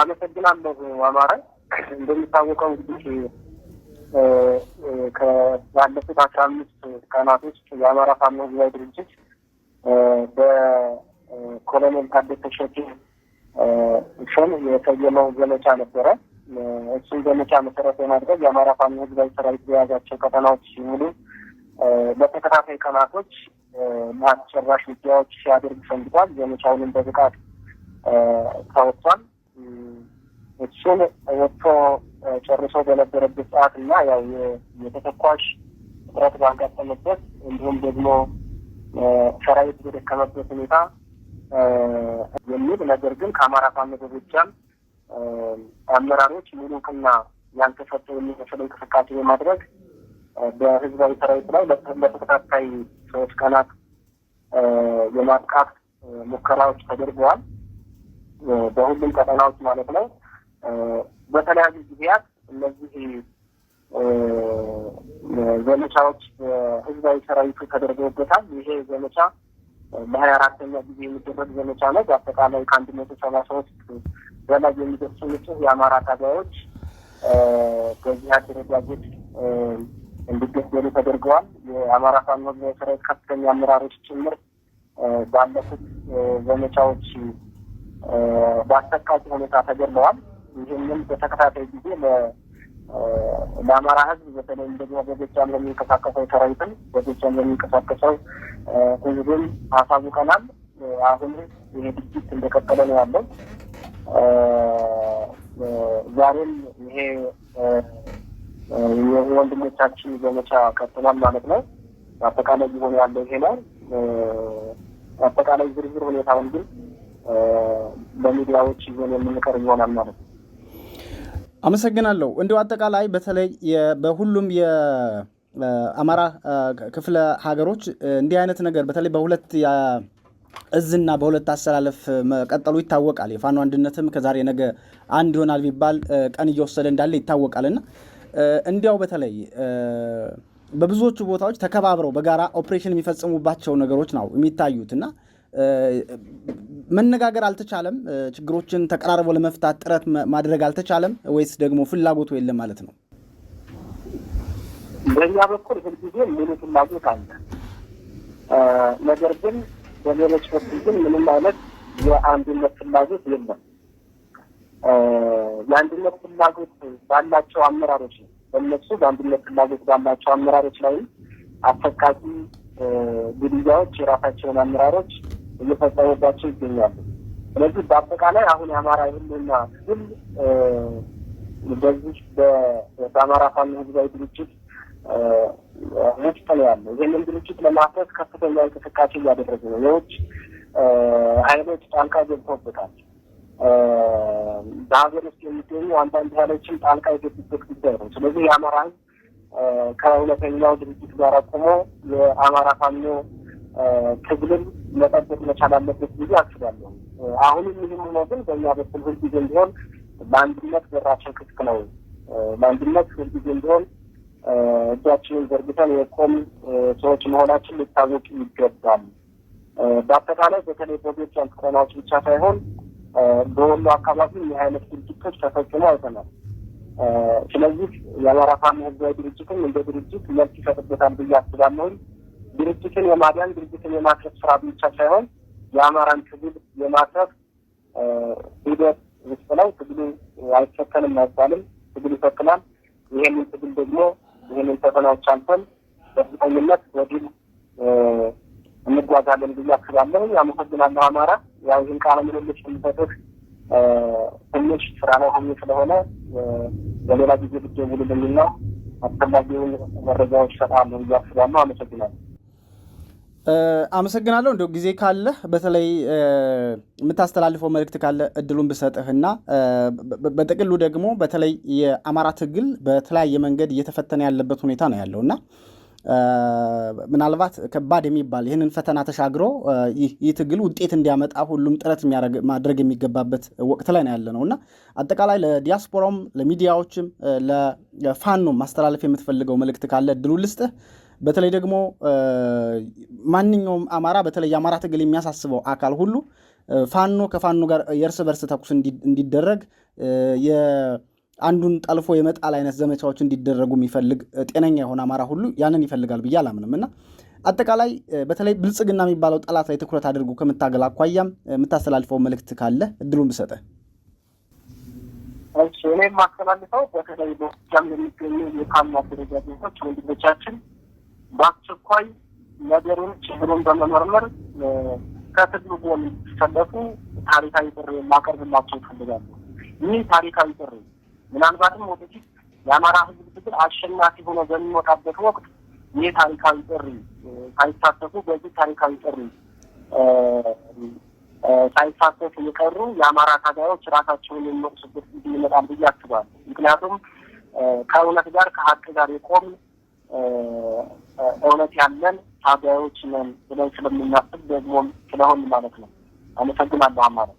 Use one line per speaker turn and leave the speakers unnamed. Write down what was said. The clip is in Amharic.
አመሰግናለሁ አማራ። እንደሚታወቀው እንግዲህ ከባለፉት አስራ አምስት ቀናት ውስጥ የአማራ ፋኖ ህዝባዊ ድርጅት በኮሎኔል ታደሰ ሸቴ ስም የሰየመው ዘመቻ ነበረ። እሱን ዘመቻ መሰረት በማድረግ የአማራ ፋኖ ህዝባዊ ሰራዊት የያዛቸው ከተማዎች ሲሙሉ በተከታታይ ቀናቶች ማስጨራሽ ውጊያዎች ሲያደርግ ሰንብቷል። ዘመቻውንም በብቃት ተወጥቷል። እሱን ወጥቶ ጨርሶ በነበረበት ሰዓት እና
ያው የተተኳሽ እጥረት ባጋጠመበት እንዲሁም ደግሞ ሰራዊት በደከመበት ሁኔታ የሚል ነገር ግን ከአማራ ፋኖ በጎጃም አመራሮች ሙሉ እውቅና ያልተሰጡ የሚመስል እንቅስቃሴ በማድረግ በህዝባዊ ሰራዊት ላይ ለተከታታይ ሶስት ቀናት የማጥቃት ሙከራዎች ተደርገዋል። በሁሉም ቀጠናዎች ማለት ነው። በተለያዩ ጊዜያት እነዚህ ዘመቻዎች ህዝባዊ ሰራዊቱ ተደርገውበታል። ይሄ ዘመቻ ለሀያ አራተኛ ጊዜ የሚደረግ ዘመቻ ነው። በአጠቃላይ ከአንድ መቶ ሰባ ሶስት በላይ የሚደርሱ ንጹህ የአማራ ታጋዮች በዚህ አደረጃጀት እንዲገደሉ ተደርገዋል። የአማራ ፋኖ ሰራዊት ከፍተኛ አመራሮች ጭምር ባለፉት ዘመቻዎች በአሰቃቂ ሁኔታ ተገድለዋል። ይህንን በተከታታይ ጊዜ ለአማራ ህዝብ በተለይ እንደዚያ በጎጃም ለሚንቀሳቀሰው ሰራዊትም በጎጃም ለሚንቀሳቀሰው ሕዝብም አሳውቀናል። አሁን ይሄ ድርጊት እንደቀጠለ ነው ያለው። ዛሬም ይሄ የወንድሞቻችን ዘመቻ ቀጥሏል ማለት ነው። አጠቃላይ ሊሆን ያለው ይሄ ነው። አጠቃላይ ዝርዝር ሁኔታውን ግን በሚዲያዎች ይዘን የምንቀር ይሆናል ማለት ነው።
አመሰግናለሁ። እንዲሁ አጠቃላይ በተለይ በሁሉም የአማራ ክፍለ ሀገሮች እንዲህ አይነት ነገር በተለይ በሁለት እዝና በሁለት አሰላለፍ መቀጠሉ ይታወቃል። የፋኖ አንድነትም ከዛሬ ነገ አንድ ይሆናል ቢባል ቀን እየወሰደ እንዳለ ይታወቃል እና እንዲያው በተለይ በብዙዎቹ ቦታዎች ተከባብረው በጋራ ኦፕሬሽን የሚፈጽሙባቸው ነገሮች ነው የሚታዩት እና መነጋገር አልተቻለም? ችግሮችን ተቀራርቦ ለመፍታት ጥረት ማድረግ አልተቻለም? ወይስ ደግሞ ፍላጎቱ የለም ማለት ነው?
በእኛ በኩል ሁልጊዜ ሙሉ ፍላጎት አለ። ነገር ግን በሌሎች በኩል ግን ምንም አይነት የአንድነት ፍላጎት የለም። የአንድነት ፍላጎት ባላቸው አመራሮች ነው በእነሱ በአንድነት ፍላጎት ባላቸው አመራሮች ላይ አሰቃቂ ግድያዎች የራሳቸውን አመራሮች እየፈጸሙባቸው ይገኛሉ። ስለዚህ በአጠቃላይ አሁን የአማራ ህልና ትግል በዚህ በአማራ ፋኖ ህዝባዊ ድርጅት ውስጥ ነው ያለው። ይህንን ድርጅት ለማፍረስ ከፍተኛ እንቅስቃሴ እያደረገ ነው። የውጭ ሀይሎች ጣልቃ ገብቶበታል። በሀገር ውስጥ የሚገኙ አንዳንድ ሀይሎችን ጣልቃ የገቡበት ጉዳይ ነው። ስለዚህ የአማራ ህዝብ ከሁለተኛው ድርጅት ጋር ቆሞ የአማራ ፋኖ ትግልም መጠበቅ መቻል አለበት ብዬ አስባለሁ። አሁንም ይህም ሆኖ ግን በእኛ በኩል ሁልጊዜም ቢሆን በአንድነት በራችን ክፍት ነው። በአንድነት ሁልጊዜም ቢሆን እጃችንን ዘርግተን የቆም ሰዎች መሆናችን ሊታወቅ ይገባል። በአጠቃላይ በተለይ በጎጃም ቀጠናዎች ብቻ ሳይሆን በወሎ አካባቢ ይህ አይነት ድርጅቶች ተፈጽሞ አይተናል። ስለዚህ የአማራ ፋኖ ህዝባዊ ድርጅትም እንደ ድርጅት መልስ ይሰጥበታል ብዬ አስባለሁኝ። ድርጅትን የማዳን ድርጅትን የማትረፍ ስራ ብቻ ሳይሆን የአማራን ትግል የማትረፍ ሂደት ውስጥ ነው። ትግሉ አይፈተንም አይባልም። ትግል ይፈትናል። ይህንን ትግል ደግሞ ይህንን ፈተናዎች አልፈን በእርግጠኝነት በድል እንጓዛለን ብዬ አስባለሁ። አመሰግናለሁ። አማራ ያው ይህን ቃለ ምልልስ የሚሰጥህ ትንሽ ስራ ላይ ሆኜ ስለሆነ በሌላ ጊዜ ብትደውልልኝና አስፈላጊውን መረጃዎች ሰጣለሁ ብዬ አስባለሁ። አመሰግናለሁ።
አመሰግናለሁ። እንደው ጊዜ ካለ በተለይ የምታስተላልፈው መልእክት ካለ እድሉን ብሰጥህና በጥቅሉ ደግሞ በተለይ የአማራ ትግል በተለያየ መንገድ እየተፈተነ ያለበት ሁኔታ ነው ያለው እና ምናልባት ከባድ የሚባል ይህንን ፈተና ተሻግሮ ይህ ትግል ውጤት እንዲያመጣ ሁሉም ጥረት ማድረግ የሚገባበት ወቅት ላይ ነው ያለ ነው እና አጠቃላይ ለዲያስፖራውም፣ ለሚዲያዎችም፣ ለፋኖም ማስተላለፍ የምትፈልገው መልእክት ካለ እድሉ ልስጥህ። በተለይ ደግሞ ማንኛውም አማራ በተለይ የአማራ ትግል የሚያሳስበው አካል ሁሉ ፋኖ ከፋኖ ጋር የእርስ በርስ ተኩስ እንዲደረግ አንዱን ጠልፎ የመጣል አይነት ዘመቻዎች እንዲደረጉ የሚፈልግ ጤነኛ የሆነ አማራ ሁሉ ያንን ይፈልጋል ብዬ አላምንም እና አጠቃላይ በተለይ ብልጽግና የሚባለው ጠላት ላይ ትኩረት አድርጎ ከምታገል አኳያም የምታስተላልፈው መልእክት ካለ እድሉን ብሰጠ።
እኔ የማስተላልፈው በተለይ በጃም የሚገኙ የፋኖ ደረጃ ቤቶች ወንድሞቻችን በአስቸኳይ ነገሮች ብለን በመመርመር ከትግሉ ጎን ሰለፉ ታሪካዊ ጥሪ ማቀርብላቸው ይፈልጋሉ። ይህ ታሪካዊ ጥሪ ምናልባትም ወደፊት የአማራ ሕዝብ ትግል አሸናፊ ሆኖ በሚወጣበት ወቅት ይህ ታሪካዊ ጥሪ ሳይሳተፉ በዚህ ታሪካዊ ጥሪ ሳይሳተፉ የቀሩ የአማራ ታጋዮች ራሳቸውን የሚወቅሱበት ጊዜ ይመጣል ብዬ አስባለሁ። ምክንያቱም ከእውነት ጋር ከሀቅ ጋር የቆም እውነት ያለን ታጋዮች ነን ብለን ስለምናስብ ደግሞ ስለሆን ማለት ነው። አመሰግናለሁ ነው